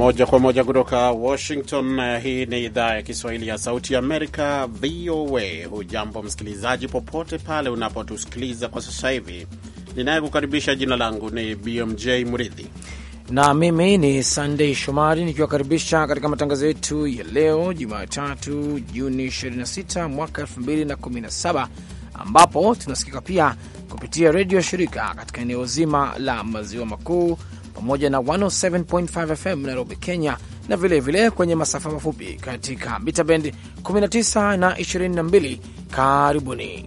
Moja kwa moja kutoka Washington. Eh, hii ni idhaa ya Kiswahili ya Sauti Amerika, VOA. Hujambo msikilizaji, popote pale unapotusikiliza kwa sasa hivi. Ninayekukaribisha jina langu ni BMJ Mridhi na mimi ni Sandei Shomari nikiwakaribisha katika matangazo yetu ya leo Jumatatu, Juni 26 mwaka 2017 ambapo tunasikika pia kupitia redio shirika katika eneo zima la maziwa makuu pamoja na 107.5 FM Nairobi, Kenya, na vilevile vile kwenye masafa mafupi katika mita bendi 19 na 22. Karibuni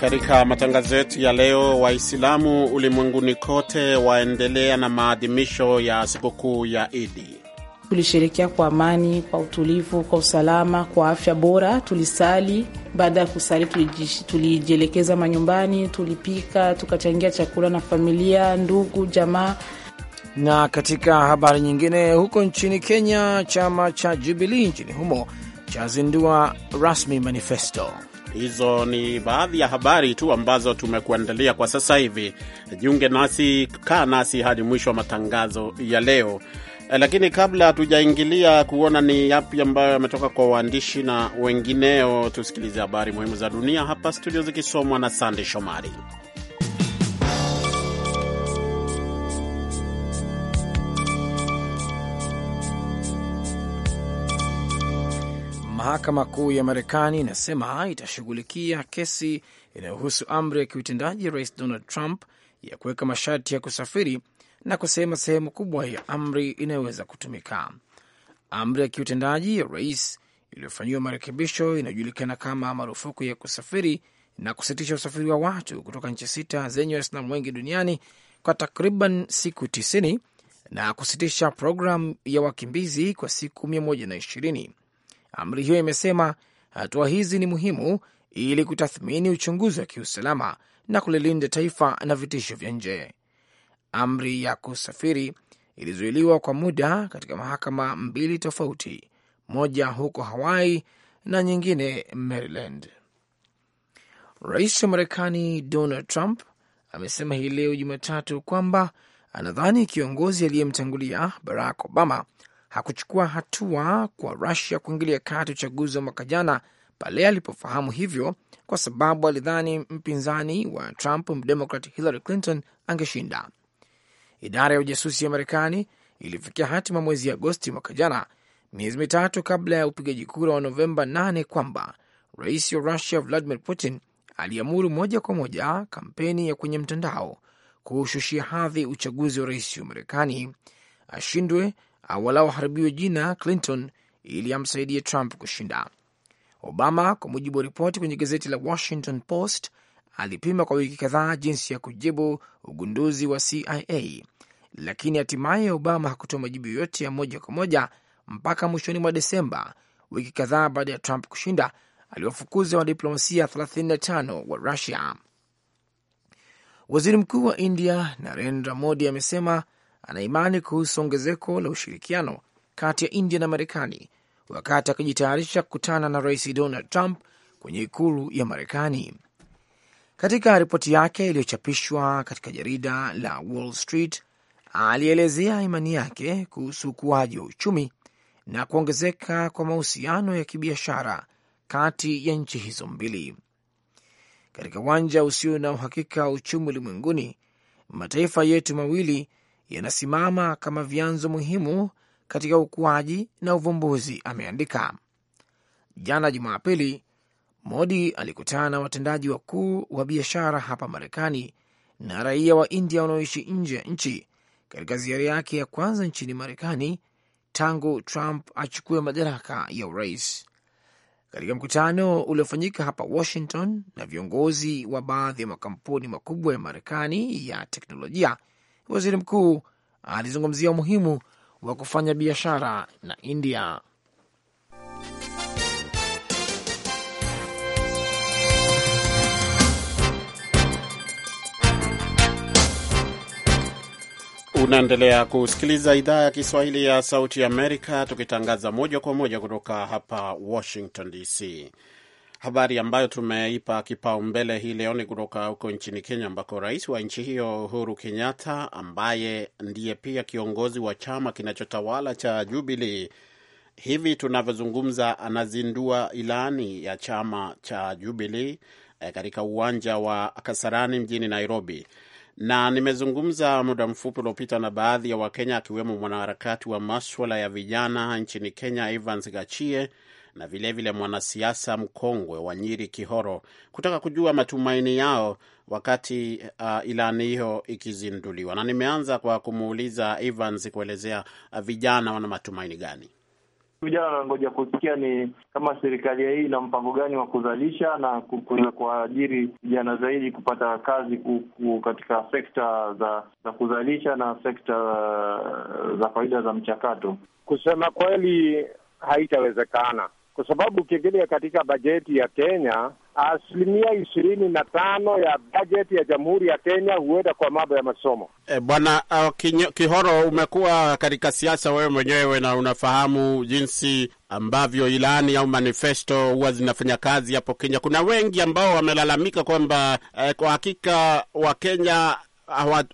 Katika matangazo yetu ya leo, Waislamu ulimwenguni kote waendelea na maadhimisho ya sikukuu ya Idi. Tulisherekea kwa amani, kwa utulivu, kwa usalama, kwa afya bora. Tulisali. Baada ya kusali, tulijielekeza manyumbani, tulipika, tukachangia chakula na familia, ndugu, jamaa. Na katika habari nyingine, huko nchini Kenya, chama cha Jubilii nchini humo chazindua rasmi manifesto. Hizo ni baadhi ya habari tu ambazo tumekuandalia kwa sasa hivi. Jiunge nasi, kaa nasi hadi mwisho wa matangazo ya leo. Eh, lakini kabla hatujaingilia kuona ni yapi ambayo yametoka kwa waandishi na wengineo, tusikilize habari muhimu za dunia hapa studio zikisomwa na sandey Shomari. Mahakama Kuu ya Marekani inasema itashughulikia kesi inayohusu amri ya kiutendaji Rais Donald Trump ya kuweka masharti ya kusafiri na kusema sehemu kubwa ya amri inayoweza kutumika. Amri ya kiutendaji ya rais iliyofanyiwa marekebisho inayojulikana kama marufuku ya kusafiri na kusitisha usafiri wa watu kutoka nchi sita zenye Waislamu wengi duniani kwa takriban siku tisini na kusitisha programu ya wakimbizi kwa siku mia moja na ishirini. Amri hiyo imesema hatua hizi ni muhimu ili kutathmini uchunguzi wa kiusalama na kulilinda taifa na vitisho vya nje. Amri ya kusafiri ilizuiliwa kwa muda katika mahakama mbili tofauti, moja huko Hawaii na nyingine Maryland. Rais wa Marekani Donald Trump amesema hii leo Jumatatu kwamba anadhani kiongozi aliyemtangulia Barack Obama hakuchukua hatua kwa Rusia kuingilia kati uchaguzi wa mwaka jana pale alipofahamu hivyo, kwa sababu alidhani mpinzani wa Trump mdemokrat Hillary Clinton angeshinda. Idara ya ujasusi ya Marekani ilifikia hatima mwezi Agosti mwaka jana, miezi mitatu kabla ya upigaji kura wa Novemba 8 kwamba rais wa Russia Vladimir Putin aliamuru moja kwa moja kampeni ya kwenye mtandao kuushushia hadhi uchaguzi wa rais wa Marekani, ashindwe au walau jina Clinton ili amsaidie Trump kushinda. Obama, kwa mujibu wa ripoti kwenye gazeti la Washington Post, alipima kwa wiki kadhaa jinsi ya kujibu ugunduzi wa CIA, lakini hatimaye Obama hakutoa majibu yoyote ya moja kwa moja mpaka mwishoni mwa Desemba, wiki kadhaa baada ya Trump kushinda, aliwafukuza wadiplomasia 35 wa Rusia. Waziri mkuu wa India Narendra Modi amesema anaimani kuhusu ongezeko la ushirikiano kati ya India na Marekani wakati akijitayarisha kukutana na Rais Donald Trump kwenye ikulu ya Marekani. Katika ripoti yake iliyochapishwa katika jarida la Wall Street, alielezea imani yake kuhusu ukuaji wa uchumi na kuongezeka kwa mahusiano ya kibiashara kati ya nchi hizo mbili. Katika uwanja usio na uhakika wa uchumi ulimwenguni, mataifa yetu mawili yanasimama kama vyanzo muhimu katika ukuaji na uvumbuzi, ameandika. Jana Jumapili, Modi alikutana na watendaji wakuu wa biashara hapa Marekani na raia wa India wanaoishi nje ya nchi katika ziara yake ya kwanza nchini Marekani tangu Trump achukue madaraka ya urais. Katika mkutano uliofanyika hapa Washington na viongozi wa baadhi ya makampuni makubwa ya Marekani ya teknolojia, waziri mkuu alizungumzia umuhimu wa kufanya biashara na India. Unaendelea kusikiliza idhaa ya Kiswahili ya Sauti Amerika, tukitangaza moja kwa moja kutoka hapa Washington DC. Habari ambayo tumeipa kipaumbele hii leo ni kutoka huko nchini Kenya, ambako rais wa nchi hiyo Uhuru Kenyatta, ambaye ndiye pia kiongozi wa chama kinachotawala cha Jubilee, hivi tunavyozungumza, anazindua ilani ya chama cha Jubilee eh, katika uwanja wa Kasarani mjini Nairobi na nimezungumza muda mfupi uliopita na baadhi ya Wakenya akiwemo mwanaharakati wa maswala ya vijana nchini Kenya Evans Gachie na vilevile mwanasiasa mkongwe wa Nyiri Kihoro kutaka kujua matumaini yao wakati uh, ilani hiyo ikizinduliwa, na nimeanza kwa kumuuliza Evans kuelezea uh, vijana wana matumaini gani. Vijana wanangoja kusikia ni kama serikali hii ina mpango gani wa kuzalisha na kuweza kuajiri vijana zaidi kupata kazi kuku katika sekta za, za kuzalisha na sekta za faida za mchakato. Kusema kweli haitawezekana kwa sababu ukiangalia katika bajeti ya Kenya asilimia ishirini na tano ya bajeti ya Jamhuri ya Kenya huenda kwa mambo ya masomo. E, Bwana uh, kinyo, Kihoro, umekuwa katika siasa wewe mwenyewe na unafahamu jinsi ambavyo ilani au manifesto huwa zinafanya kazi hapo Kenya. Kuna wengi ambao wamelalamika kwamba eh, kwa hakika Wakenya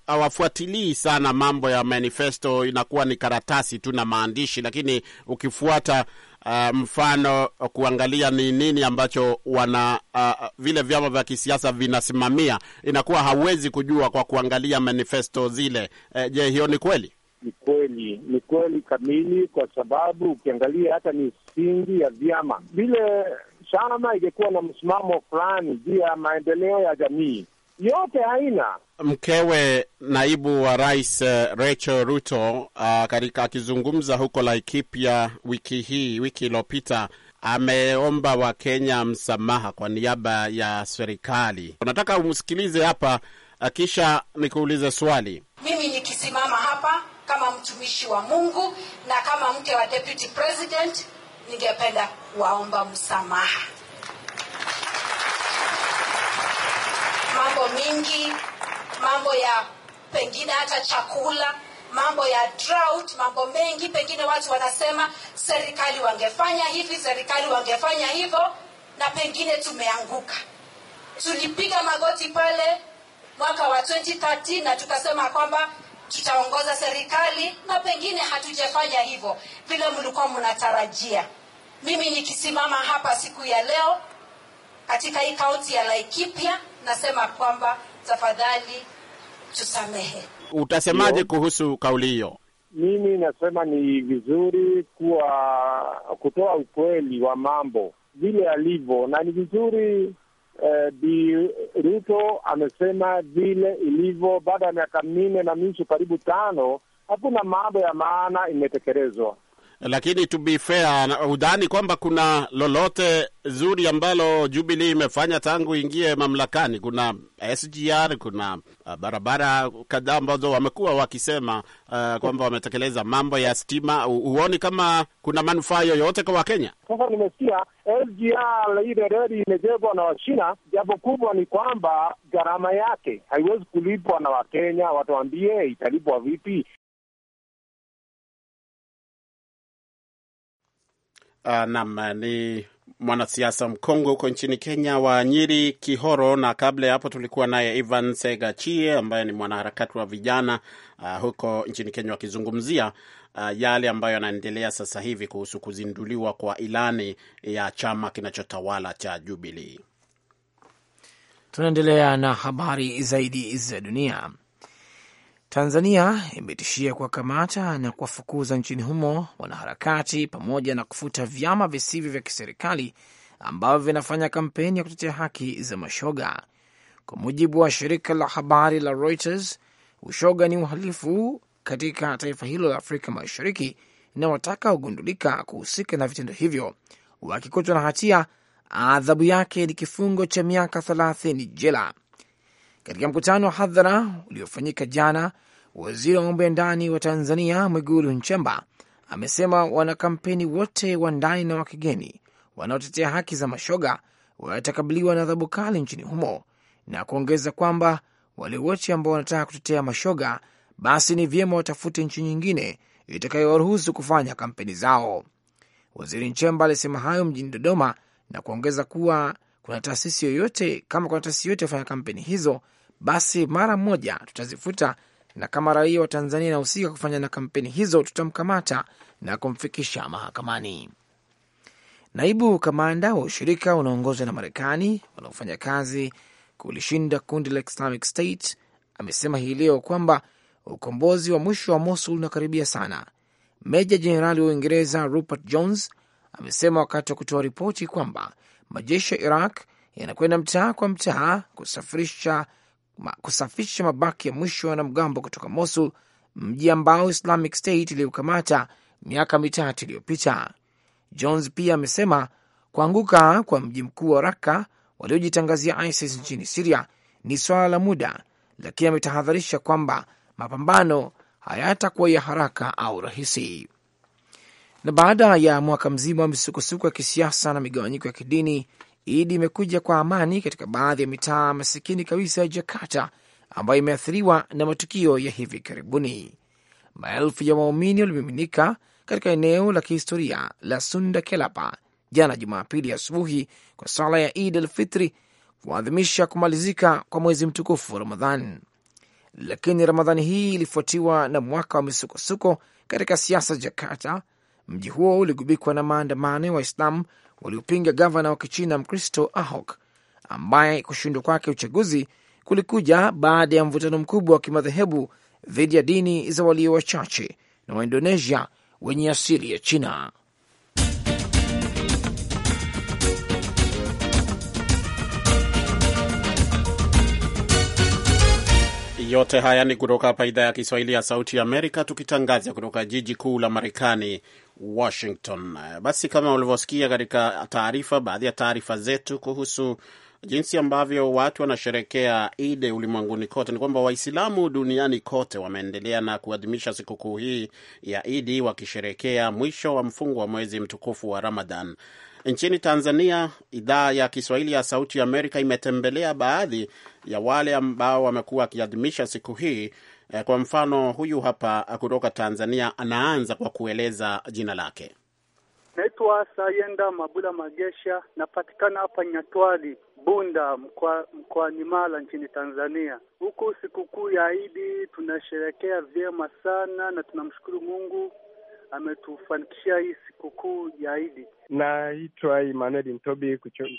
hawafuatilii sana mambo ya manifesto, inakuwa ni karatasi tu na maandishi, lakini ukifuata uh, mfano kuangalia ni nini ambacho wana uh, vile vyama vya kisiasa vinasimamia, inakuwa hawezi kujua kwa kuangalia manifesto zile. Uh, je, hiyo ni kweli? Ni kweli, ni kweli kamili, kwa sababu ukiangalia hata misingi ya vyama vile, chama ingekuwa na msimamo fulani juu ya maendeleo ya jamii yote haina. Mkewe naibu wa rais eh, Rachel Ruto uh, katika akizungumza huko Laikipia wiki hii, wiki iliyopita ameomba Wakenya msamaha kwa niaba ya serikali. Unataka umsikilize hapa, ah, kisha nikuulize swali. Mimi nikisimama hapa kama mtumishi wa Mungu na kama mke wa deputy president, ningependa kuwaomba msamaha mambo mingi, mambo ya pengine hata chakula, mambo ya drought, mambo mengi. Pengine watu wanasema serikali wangefanya hivi, serikali wangefanya hivyo, na pengine tumeanguka. Tulipiga magoti pale mwaka wa 2013 na tukasema kwamba tutaongoza serikali, na pengine hatujafanya hivyo vile mlikuwa mnatarajia. Mimi nikisimama hapa siku ya leo katika hii kaunti ya Laikipia nasema kwamba tafadhali tusamehe. Utasemaje kuhusu kauli hiyo? Mimi nasema ni vizuri kuwa kutoa ukweli wa mambo vile alivyo, na ni vizuri eh, Bi Ruto amesema vile ilivyo. Baada ya miaka minne na nusu karibu tano, hakuna mambo ya maana imetekelezwa. Lakini to be fair, udhani kwamba kuna lolote zuri ambalo Jubilee imefanya tangu ingie mamlakani? Kuna SGR, kuna uh, barabara kadhaa ambazo wamekuwa wakisema uh, kwamba wametekeleza. Mambo ya stima, huoni kama kuna manufaa yoyote kwa Wakenya? Sasa nimesikia SGR ile reli imejengwa na Wachina, jambo kubwa ni kwamba gharama yake haiwezi kulipwa na Wakenya. Watuambie italipwa vipi? Uh, ah, nam ni mwanasiasa mkongwe huko nchini Kenya wa nyiri Kihoro, na kabla ya hapo tulikuwa naye Ivan Segachie ambaye ni mwanaharakati wa vijana uh, huko nchini Kenya wakizungumzia uh, yale ambayo yanaendelea sasa hivi kuhusu kuzinduliwa kwa ilani ya chama kinachotawala cha jubilii Tunaendelea na habari zaidi za dunia. Tanzania imetishia kuwakamata na kuwafukuza nchini humo wanaharakati pamoja na kufuta vyama visivyo vya kiserikali ambavyo vinafanya kampeni ya kutetea haki za mashoga. Kwa mujibu wa shirika la habari la Reuters, ushoga ni uhalifu katika taifa hilo la Afrika Mashariki na wataka kuhusika na vitendo hivyo, wakikutwa na hatia, adhabu yake ni kifungo cha miaka thelathini jela. Katika mkutano wa hadhara uliofanyika jana, waziri wa mambo ya ndani wa Tanzania Mwigulu Nchemba amesema wanakampeni wote wa ndani na wa kigeni wanaotetea haki za mashoga watakabiliwa na adhabu kali nchini humo na kuongeza kwamba wale wote ambao wanataka kutetea mashoga basi ni vyema watafute nchi nyingine itakayowaruhusu kufanya kampeni zao. Waziri Nchemba alisema hayo mjini Dodoma na kuongeza kuwa kuna taasisi yoyote kama kuna taasisi yoyote yafanya kampeni hizo basi mara moja tutazifuta, na kama raia wa Tanzania inahusika kufanya na kampeni hizo, tutamkamata na kumfikisha mahakamani. Naibu kamanda wa ushirika unaongozwa na Marekani wanaofanya kazi kulishinda kundi la Islamic State amesema hii leo kwamba ukombozi wa mwisho wa Mosul unakaribia sana. Meja Jenerali wa Uingereza Rupert Jones amesema wakati wa kutoa ripoti kwamba majeshi ya Iraq yanakwenda mtaa kwa mtaa kusafirisha kusafisha mabaki ya mwisho ya wanamgambo kutoka Mosul, mji ambao Islamic State iliyokamata miaka mitatu iliyopita. Jones pia amesema kuanguka kwa mji mkuu wa Raka waliojitangazia ISIS nchini Siria ni swala la muda, lakini ametahadharisha kwamba mapambano hayatakuwa ya haraka au rahisi. Na baada ya mwaka mzima wa misukosuko ya kisiasa na migawanyiko ya kidini, Idi imekuja kwa amani katika baadhi ya mitaa masikini kabisa ya Jakarta ambayo imeathiriwa na matukio ya hivi karibuni. Maelfu ya waumini walimiminika katika eneo la kihistoria la Sunda Kelapa jana Jumapili asubuhi kwa sala ya Id al Fitri kuadhimisha kumalizika kwa mwezi mtukufu wa Ramadhan. Lakini Ramadhani hii ilifuatiwa na mwaka wa misukosuko katika siasa Jakarta. Mji huo uligubikwa na maandamano ya Waislamu waliopinga gavana wa kichina mkristo Ahok ambaye kushindwa kwake uchaguzi kulikuja baada ya mvutano mkubwa wa kimadhehebu dhidi ya dini za walio wachache na Waindonesia wenye asili ya China. Yote haya ni kutoka hapa idhaa ya Kiswahili ya Sauti ya Amerika, tukitangaza kutoka jiji kuu la Marekani, Washington. Basi kama ulivyosikia katika taarifa, baadhi ya taarifa zetu kuhusu jinsi ambavyo watu wanasherekea Idi ulimwenguni kote ni kwamba Waislamu duniani kote wameendelea na kuadhimisha sikukuu hii ya Idi wakisherekea mwisho wa mfungo wa mwezi mtukufu wa Ramadhan Nchini Tanzania, idhaa ya Kiswahili ya Sauti Amerika imetembelea baadhi ya wale ambao wamekuwa wakiadhimisha siku hii. Eh, kwa mfano, huyu hapa kutoka Tanzania anaanza kwa kueleza jina lake. Naitwa Sayenda Mabula Magesha, napatikana hapa Nyatwali Bunda, mkoani Mara nchini Tanzania. Huku sikukuu ya Idi tunasherekea vyema sana na tunamshukuru Mungu ametufanikisha hii sikukuu ya Idi. Naitwa Emmanuel Ntobi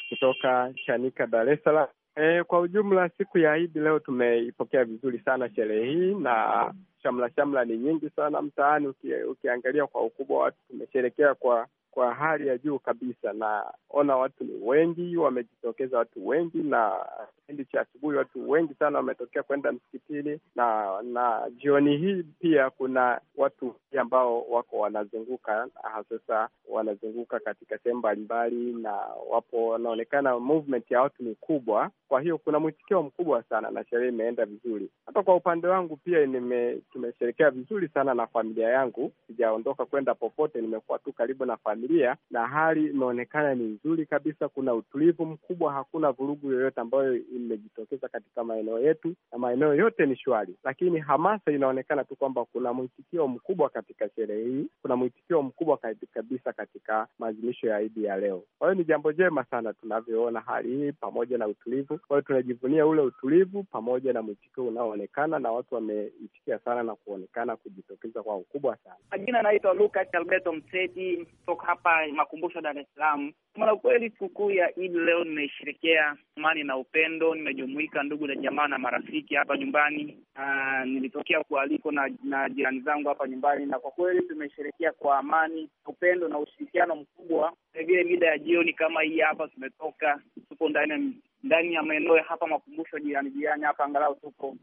kutoka Chanika, Dar es Salaam. E, kwa ujumla siku ya Idi leo tumeipokea vizuri sana sherehe hii na shamla shamla ni nyingi sana mtaani. Uki, ukiangalia kwa ukubwa watu tumesherekea kwa kwa hali ya juu kabisa. Naona watu ni wengi, wamejitokeza watu wengi, na kipindi cha asubuhi watu wengi sana wametokea kwenda msikitini, na na jioni hii pia kuna watu ambao wako wanazunguka sasa, wanazunguka katika sehemu mbalimbali, na wapo wanaonekana, movement ya watu ni kubwa. Kwa hiyo kuna mwitikio mkubwa sana, na sherehe imeenda vizuri. Hata kwa upande wangu pia nime tumesherekea vizuri sana na familia yangu, sijaondoka kwenda popote, nimekuwa tu karibu na familia familia, na hali imeonekana ni nzuri kabisa. Kuna utulivu mkubwa, hakuna vurugu yoyote ambayo imejitokeza katika maeneo yetu, na maeneo yote ni shwari. Lakini hamasa inaonekana tu kwamba kuna mwitikio mkubwa katika sherehe hii, kuna mwitikio mkubwa kabisa katika maadhimisho ya Idi ya leo. Kwa hiyo ni jambo jema sana tunavyoona hali hii pamoja na utulivu. Kwa hiyo tunajivunia ule utulivu pamoja na mwitikio unaoonekana, na watu wameitikia sana na kuonekana kujitokeza kwa ukubwa sana. Majina anaitwa Lukas Albeto Mseti kutoka hapa makumbusho Dar es Salaam. Kwa ukweli, sikukuu ya Idi leo nimeisherekea amani na upendo, nimejumuika ndugu na jamaa na marafiki hapa nyumbani. Uh, nilitokea kualiko na, na jirani zangu hapa nyumbani, na kwa kweli tumesherekea kwa amani, upendo na ushirikiano mkubwa. Vilevile mida ya jioni kama hii hapa tumetoka, tupo ndani ya ndani ya maeneo hapa makumbusho, jirani jirani hapa, angalau tupo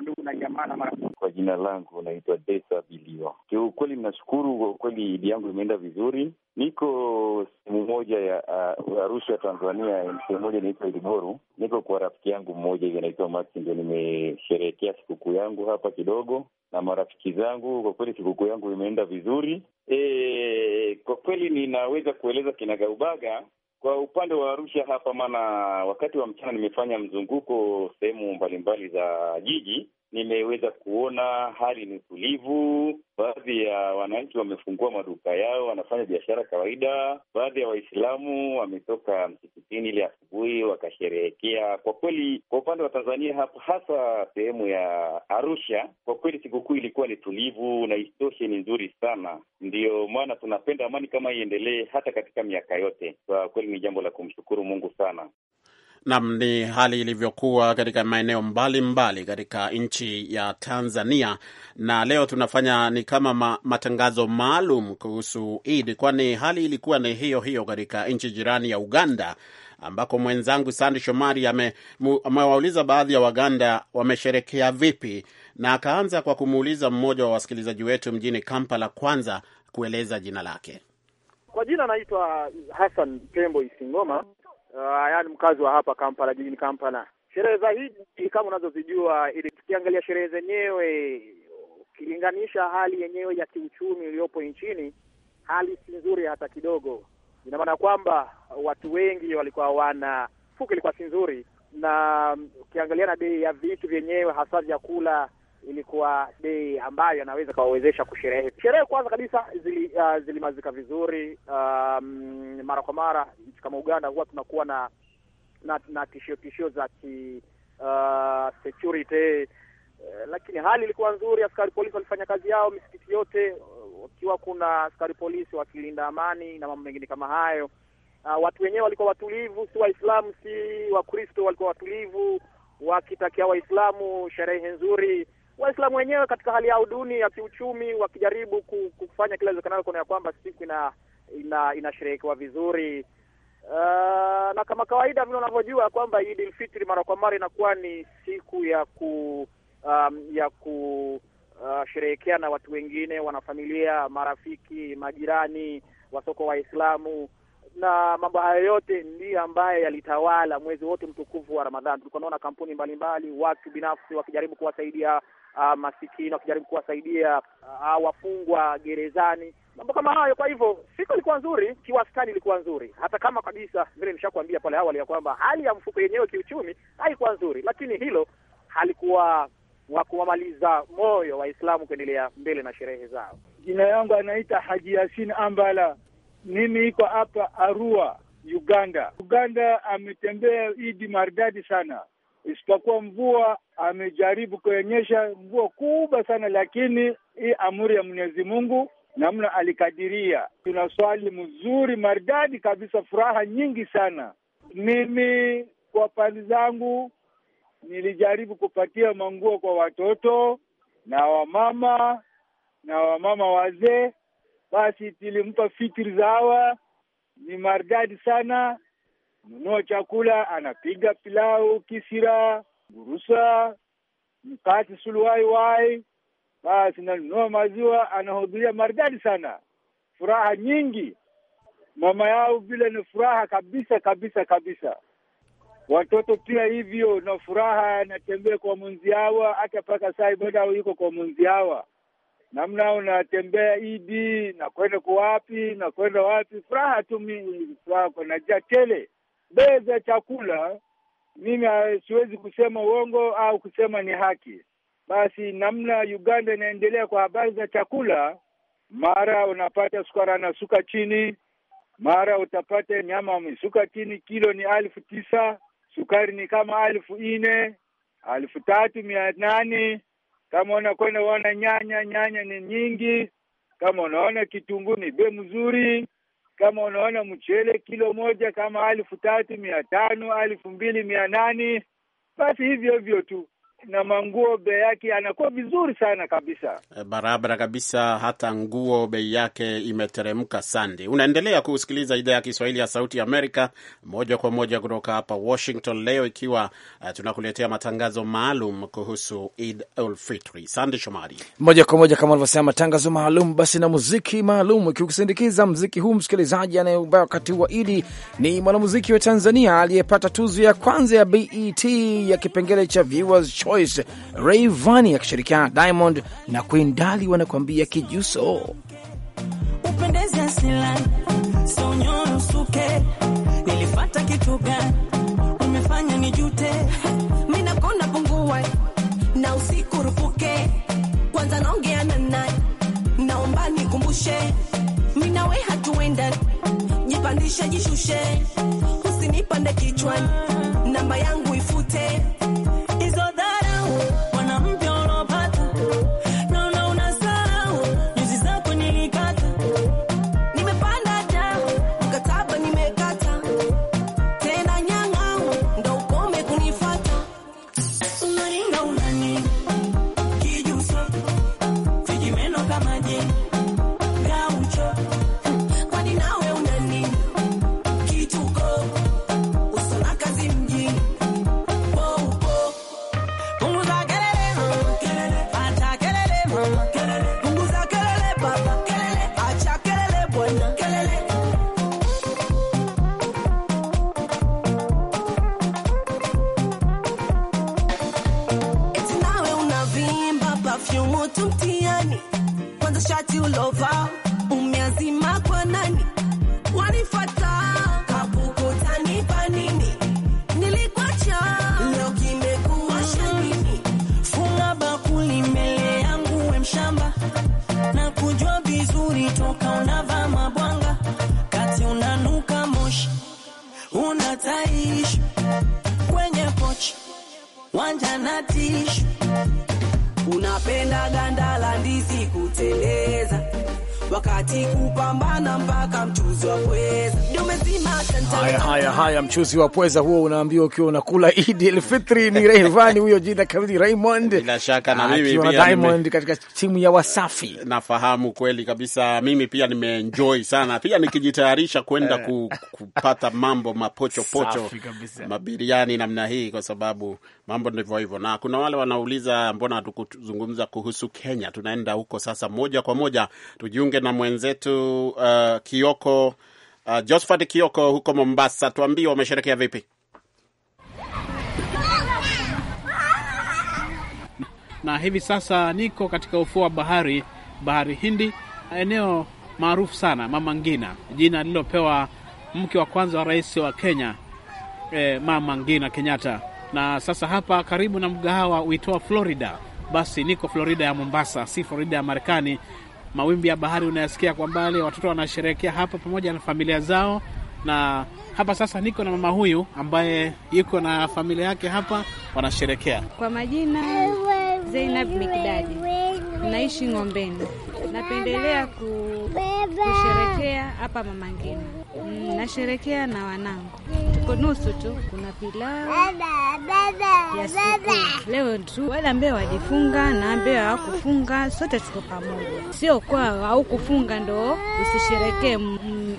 ndugu na jamaa na marafiki. Kwa jina langu naitwa Desa Bilio. Kiukweli nashukuru kwa kweli, idi yangu imeenda vizuri. Niko sehemu moja ya uh, Arusha, Tanzania, sehemu moja inaitwa Iliboru. Niko kwa rafiki yangu mmoja hivi anaitwa Maxi, ndio nimesherehekea sikukuu yangu hapa kidogo na marafiki zangu. Kwa kweli sikukuu yangu imeenda vizuri. E, kwa kweli ninaweza kueleza kinagaubaga kwa upande wa Arusha hapa, maana wakati wa mchana nimefanya mzunguko sehemu mbalimbali za jiji, nimeweza kuona hali ni utulivu. Baadhi ya wananchi wamefungua maduka yao, wanafanya biashara kawaida. Baadhi ya Waislamu wametoka msikitini hamsini ile asubuhi wakasherehekea. Kwa kweli, kwa upande wa Tanzania hapa, hasa sehemu ya Arusha, kwa kweli sikukuu ilikuwa ni tulivu na isitoshe ni nzuri sana. ndio maana tunapenda amani kama iendelee hata katika miaka yote. Kwa kweli ni jambo la kumshukuru Mungu sana. Nam, ni hali ilivyokuwa katika maeneo mbalimbali katika nchi ya Tanzania. Na leo tunafanya ni kama ma, matangazo maalum kuhusu Idi, kwani hali ilikuwa ni hiyo hiyo katika nchi jirani ya Uganda, ambako mwenzangu Sandi Shomari amewauliza baadhi ya Waganda wamesherekea vipi, na akaanza kwa kumuuliza mmoja wa wasikilizaji wetu mjini Kampala kwanza kueleza jina lake. Kwa jina anaitwa Hassan Tembo Isingoma uh, yani mkazi wa hapa Kampala, jijini Kampala. Sherehe za hiji kama unazozijua, ili tukiangalia sherehe zenyewe, ukilinganisha hali yenyewe ya kiuchumi iliyopo nchini, hali si nzuri hata kidogo. Ina maana kwamba watu wengi walikuwa wana fuko ilikuwa si nzuri, na ukiangalia na bei ya vitu vyenyewe, hasa vyakula ilikuwa bei ambayo anaweza kawawezesha kusherehe. Sherehe kwanza kabisa zili, uh, zilimalizika vizuri. Um, mara kwa mara nchi kama Uganda huwa tunakuwa na na, na tishio tishio za ki uh, security uh, lakini hali ilikuwa nzuri. Askari polisi walifanya kazi yao misikiti yote, wakiwa uh, kuna askari polisi wakilinda amani na mambo mengine kama hayo. Uh, watu wenyewe walikuwa watulivu, si Waislamu si Wakristo, walikuwa watulivu wakitakia Waislamu sherehe nzuri. Waislamu wenyewe katika hali yao duni ya kiuchumi wakijaribu kufanya kila iwezekanalo kuona ya kwamba siku ina ina inasherehekewa vizuri. Uh, na kama kawaida vile unavyojua kwamba Eid al-Fitr mara kwa mara inakuwa ni siku ya ku um, ya ku uh, sherehekea na watu wengine, wanafamilia, marafiki, majirani, wasoko Waislamu na mambo hayo yote ndiyo ambayo yalitawala mwezi wote mtukufu wa Ramadhani. Tulikuwa naona kampuni mbalimbali, watu binafsi wakijaribu kuwasaidia uh, masikini, wakijaribu kuwasaidia uh, wafungwa gerezani, mambo kama hayo. Kwa hivyo siku ilikuwa nzuri, kiwastani ilikuwa nzuri, hata kama kabisa vile nishakwambia pale awali ya kwamba hali ya mfuko yenyewe kiuchumi haikuwa nzuri, lakini hilo halikuwa wa kuwamaliza moyo Waislamu kuendelea mbele na sherehe zao. Jina yangu anaita Haji Yasin Ambala, mimi iko hapa Arua, Uganda. Uganda ametembea Idi maridadi sana isipokuwa mvua amejaribu kuonyesha mvua kubwa sana, lakini hii amri ya Mwenyezi Mungu namna alikadiria. Tuna swali mzuri maridadi kabisa, furaha nyingi sana. Mimi kwa pande zangu nilijaribu kupatia manguo kwa watoto na wamama na wamama wazee, basi tilimpa fitiri zawa, ni maridadi sana kununua chakula, anapiga pilau, kisira, gurusa, mkati, suluwai wai, basi nanunua maziwa, anahudhuria maridadi sana, furaha nyingi. Mama yao vile ni furaha kabisa kabisa kabisa. Watoto pia hivyo na furaha, anatembea kwa mwenzi hawa, hata paka sai au yuko kwa mwenzi hawa namna unatembea Idi na kwenda kuwapi na kwenda wapi, furaha tu, mimi furaha kwa najia tele bei za chakula, mimi ah, siwezi kusema uongo au kusema ni haki. Basi namna Uganda inaendelea kwa habari za chakula, mara unapata sukari anasuka chini, mara utapata nyama amesuka chini, kilo ni elfu tisa, sukari ni kama elfu nne elfu tatu mia nane kama unakwenda uona nyanya, nyanya ni nyingi. Kama unaona kitunguu ni bei mzuri, kama unaona mchele kilo moja kama elfu tatu mia tano elfu mbili mia nane basi hivyo hivyo tu na manguo bei yake anakuwa vizuri sana kabisa, eh, barabara kabisa. Hata nguo bei yake imeteremka. Sandi, unaendelea kusikiliza idhaa ya Kiswahili ya Sauti Amerika moja kwa moja kutoka hapa Washington, leo ikiwa uh, tunakuletea matangazo maalum kuhusu Eid ul Sandi Shomari, moja kwa moja kama alivyosema, matangazo maalum basi na muziki maalum ikiusindikiza muziki huu. Msikilizaji anayeubaa wakati wa Idi ni mwanamuziki wa Tanzania aliyepata tuzo ya kwanza ya BET ya kipengele cha viewers Boys, Rayvanny akishirikiana na Diamond na Queen Dali wanakuambia kijuso na usiku rupuke kwanza naongea na naye, kumbushe nikumbushe, mimi nawe hatuenda, jipandishe jishushe, usinipande kichwani, namba yangu ifute hizi kuteleza wakati kupambana mpaka mchuzi wa pweza. Haya, haya, haya, mchuzi wa pweza huo unaambiwa ukiwa unakula Idi el Fitri. Ni Rayvanny huyo, jina kamili Raymond, eh, bila shaka na mimi pia Diamond katika timu ya Wasafi. Nafahamu kweli kabisa, mimi pia nimeenjoy sana, pia nikijitayarisha kwenda eh. ku, kupata mambo mapochopocho mabiriani namna hii, kwa sababu mambo ndivyo hivyo. Na kuna wale wanauliza mbona hatukuzungumza kuhusu Kenya, tunaenda huko sasa moja kwa moja tujiunge na mwenzetu uh, Kioko uh, Josephat Kioko huko Mombasa. Tuambie wamesherekea vipi? Na hivi sasa niko katika ufuo wa bahari bahari Hindi, eneo maarufu sana Mama Ngina, jina lililopewa mke wa kwanza wa rais wa Kenya eh, Mama Ngina Kenyatta. Na sasa hapa karibu na mgahawa uitoa Florida, basi niko Florida ya Mombasa, si Florida ya Marekani mawimbi ya bahari unayasikia kwa mbali, watoto wanasherehekea hapa pamoja na familia zao. Na hapa sasa niko na mama huyu ambaye yuko na familia yake hapa wanasherehekea. Kwa majina Zainab Mikdadi, naishi Ng'ombeni. Napendelea ku, kusherekea hapa Mama Ngina. Mm, nasherekea na wanangu, tuko nusu tu. Kuna pilau ya sikukuu leo tu, wale ambao wajifunga na ambao hawakufunga, sote tuko pamoja. Sio kwa au kufunga ndo usisherekee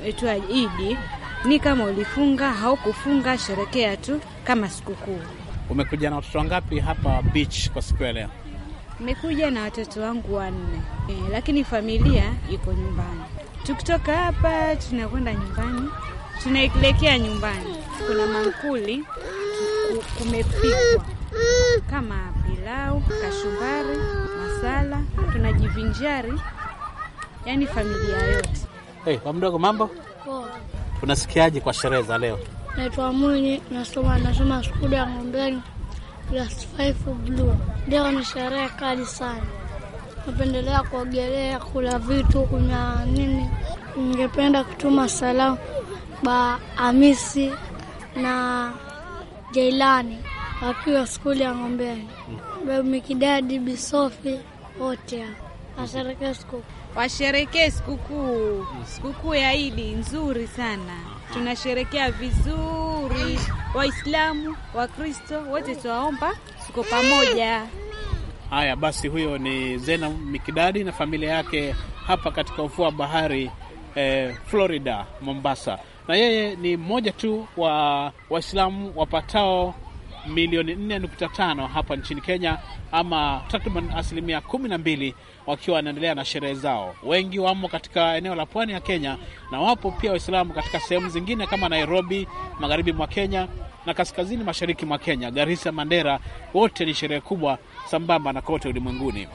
itwa mm, Idi, ni kama ulifunga haukufunga, sherekea tu kama sikukuu. Umekuja na watoto wangapi hapa beach kwa siku ya leo? Nimekuja na watoto wangu wanne e, lakini familia iko nyumbani. Tukitoka hapa tunakwenda nyumbani, tunaelekea nyumbani. Kuna mankuli kumepikwa kama pilau, kashumbari, masala, tunajivinjari, yaani familia yote. Hey, mdogo, mambo poa. Unasikiaje kwa sherehe za leo? Naitwa Muni, nasoma nasoma shule ya Ng'ombeni class 5 blue. Leo ni sherehe kali sana, napendelea kuogelea, kula vitu, kuna nini. Ningependa kutuma salamu ba amisi na Jailani wakiwa skuli ya Ng'ombeni, Bamikidadi, Bisofi wote washerekee sikukuu, washerekee sikukuu, sikukuu ya Idi nzuri sana tunasherekea vizuri. Waislamu, Wakristo wote tuwaomba, tuko pamoja. Haya basi, huyo ni Zena Mikidadi na familia yake hapa katika ufuo wa bahari eh, Florida Mombasa, na yeye ni mmoja tu wa Waislamu wapatao milioni 4.5 hapa nchini Kenya, ama takriban asilimia 12 wakiwa wanaendelea na sherehe zao. Wengi wamo katika eneo la pwani ya Kenya na wapo pia Waislamu katika sehemu zingine kama Nairobi, magharibi mwa Kenya na kaskazini mashariki mwa Kenya, Garissa, Mandera, wote ni sherehe kubwa sambamba na kote ulimwenguni.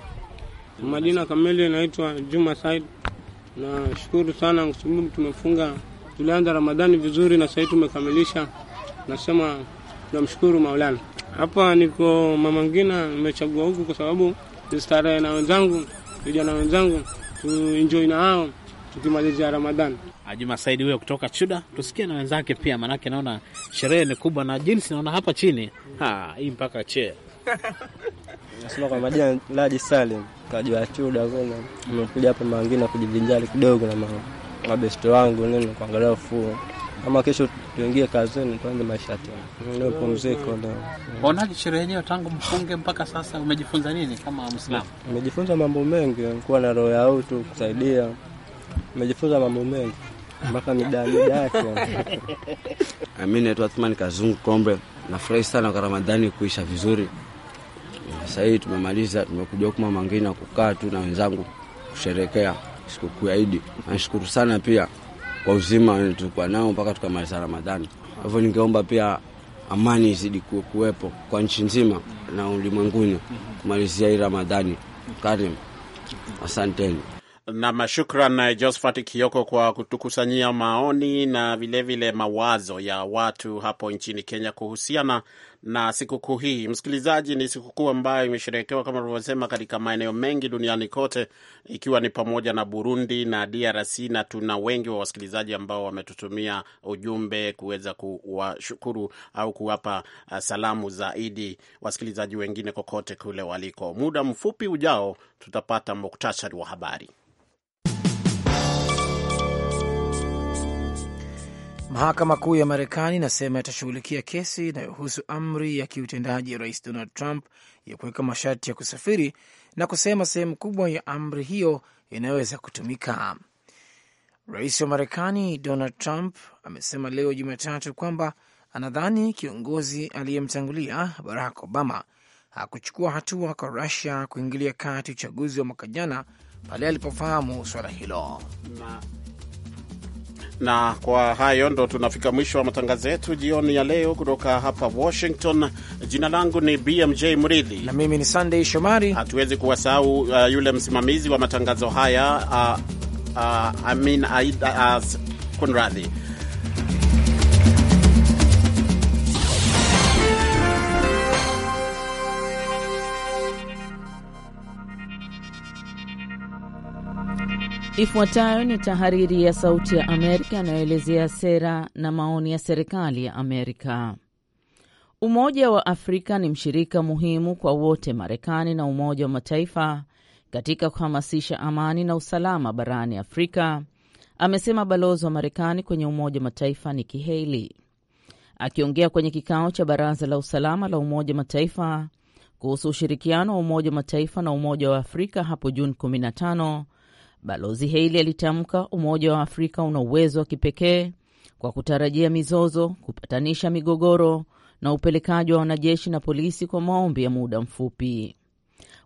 Majina kamili inaitwa Juma Said. Nashukuru sana kwa sababu tumefunga, tulianza Ramadhani vizuri na sasa tumekamilisha. Nasema namshukuru Maulana. Hapa niko Mama Ngina, nimechagua huku kwa sababu starehe na wenzangu, vijana wenzangu, tuenjoy na hao tukimalizia Ramadhani. Ajuma Saidi huyo kutoka Chuda, tusikie na wenzake pia, maanake naona sherehe ni kubwa na jinsi naona hapa chini ha, hii mpaka chea nasema kwa majina Laji Salim wa Chuda, nimekuja hapa Mama kujivinjali kidogo na mabesto wangu nini kuangalia ufuo ama kesho tuingie kazini, tuanze maisha tena, leo pumziko leo. Unaonaje sherehe yenyewe, tangu mfunge mpaka sasa, umejifunza nini kama Muislamu? Umejifunza mambo mengi, kuwa na roho ya utu, kusaidia. Umejifunza mambo mengi mpaka midani yake. Mimi naitwa Athmani Kazungu Kombe, nafurahi sana kwa Ramadhani kuisha vizuri. Sasa hii tumemaliza, tumekuja huku Mama Ngina kukaa tu na wenzangu kusherekea sikukuu ya Idi. Nashukuru sana pia kwa uzima tulikuwa nao mpaka tukamaliza Ramadhani. Kwa hivyo ningeomba pia amani izidi kuwepo kwa nchi nzima na ulimwenguni kumalizia hii Ramadhani Karim. Asanteni. Nam, shukran eh, Josphat Kioko kwa kutukusanyia maoni na vilevile vile mawazo ya watu hapo nchini Kenya kuhusiana na sikukuu hii. Msikilizaji, ni sikukuu ambayo imesherehekewa kama tulivyosema katika maeneo mengi duniani kote, ikiwa ni pamoja na Burundi na DRC, na tuna wengi wa wasikilizaji ambao wametutumia ujumbe kuweza kuwashukuru au kuwapa uh, salamu zaidi wasikilizaji wengine kokote kule waliko. Muda mfupi ujao tutapata muktasari wa habari. Mahakama Kuu ya Marekani inasema itashughulikia kesi inayohusu amri ya kiutendaji ya Rais Donald Trump ya kuweka masharti ya kusafiri na kusema sehemu kubwa ya amri hiyo inaweza kutumika. Rais wa Marekani Donald Trump amesema leo Jumatatu kwamba anadhani kiongozi aliyemtangulia Barack Obama hakuchukua hatua kwa Rusia kuingilia kati uchaguzi wa mwaka jana pale alipofahamu swala hilo na kwa hayo ndo tunafika mwisho wa matangazo yetu jioni ya leo kutoka hapa Washington. Jina langu ni BMJ Mridhi na mimi ni sandey Shomari. Hatuwezi kuwasahau uh, yule msimamizi wa matangazo haya uh, uh, Amin Aida uh, Kunradhi Ifuatayo ni tahariri ya Sauti ya Amerika inayoelezea sera na maoni ya serikali ya Amerika. Umoja wa Afrika ni mshirika muhimu kwa wote, Marekani na Umoja wa Mataifa, katika kuhamasisha amani na usalama barani Afrika, amesema balozi wa Marekani kwenye Umoja wa Mataifa Nikki Haley akiongea kwenye kikao cha Baraza la Usalama la Umoja wa Mataifa kuhusu ushirikiano wa Umoja wa Mataifa na Umoja wa Afrika hapo Juni 15 Balozi Haley alitamka, Umoja wa Afrika una uwezo wa kipekee kwa kutarajia mizozo, kupatanisha migogoro na upelekaji wa wanajeshi na polisi kwa maombi ya muda mfupi.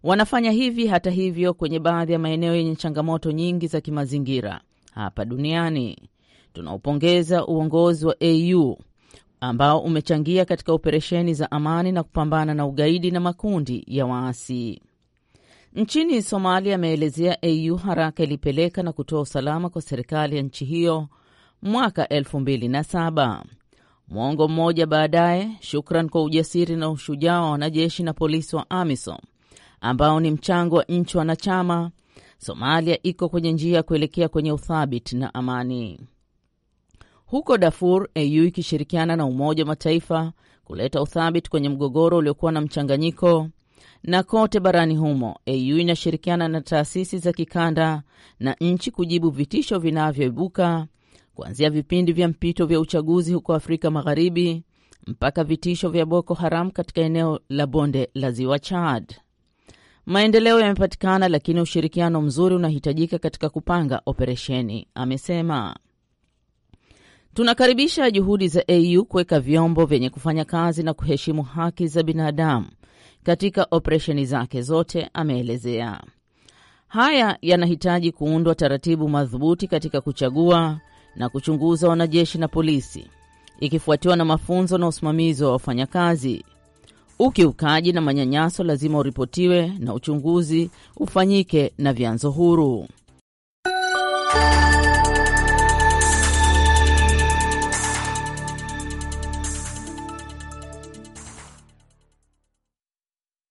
Wanafanya hivi hata hivyo, kwenye baadhi ya maeneo yenye changamoto nyingi za kimazingira hapa duniani. Tunaupongeza uongozi wa AU ambao umechangia katika operesheni za amani na kupambana na ugaidi na makundi ya waasi. Nchini Somalia ameelezea AU haraka ilipeleka na kutoa usalama kwa serikali ya nchi hiyo mwaka 2007. Mwongo mmoja baadaye, shukran kwa ujasiri na ushujaa wa wanajeshi na polisi wa AMISOM ambao ni mchango wa nchi wanachama, Somalia iko kwenye njia ya kuelekea kwenye uthabiti na amani. Huko Darfur, AU ikishirikiana na Umoja wa Mataifa kuleta uthabiti kwenye mgogoro uliokuwa na mchanganyiko na kote barani humo AU inashirikiana na taasisi za kikanda na nchi kujibu vitisho vinavyoibuka kuanzia vipindi vya mpito vya uchaguzi huko Afrika Magharibi mpaka vitisho vya Boko Haram katika eneo la bonde la Ziwa Chad. Maendeleo yamepatikana, lakini ushirikiano mzuri unahitajika katika kupanga operesheni, amesema. Tunakaribisha juhudi za AU kuweka vyombo vyenye kufanya kazi na kuheshimu haki za binadamu katika operesheni zake zote, ameelezea. Haya yanahitaji kuundwa taratibu madhubuti katika kuchagua na kuchunguza wanajeshi na polisi, ikifuatiwa na mafunzo na usimamizi wa wafanyakazi. Ukiukaji na manyanyaso lazima uripotiwe na uchunguzi ufanyike na vyanzo huru.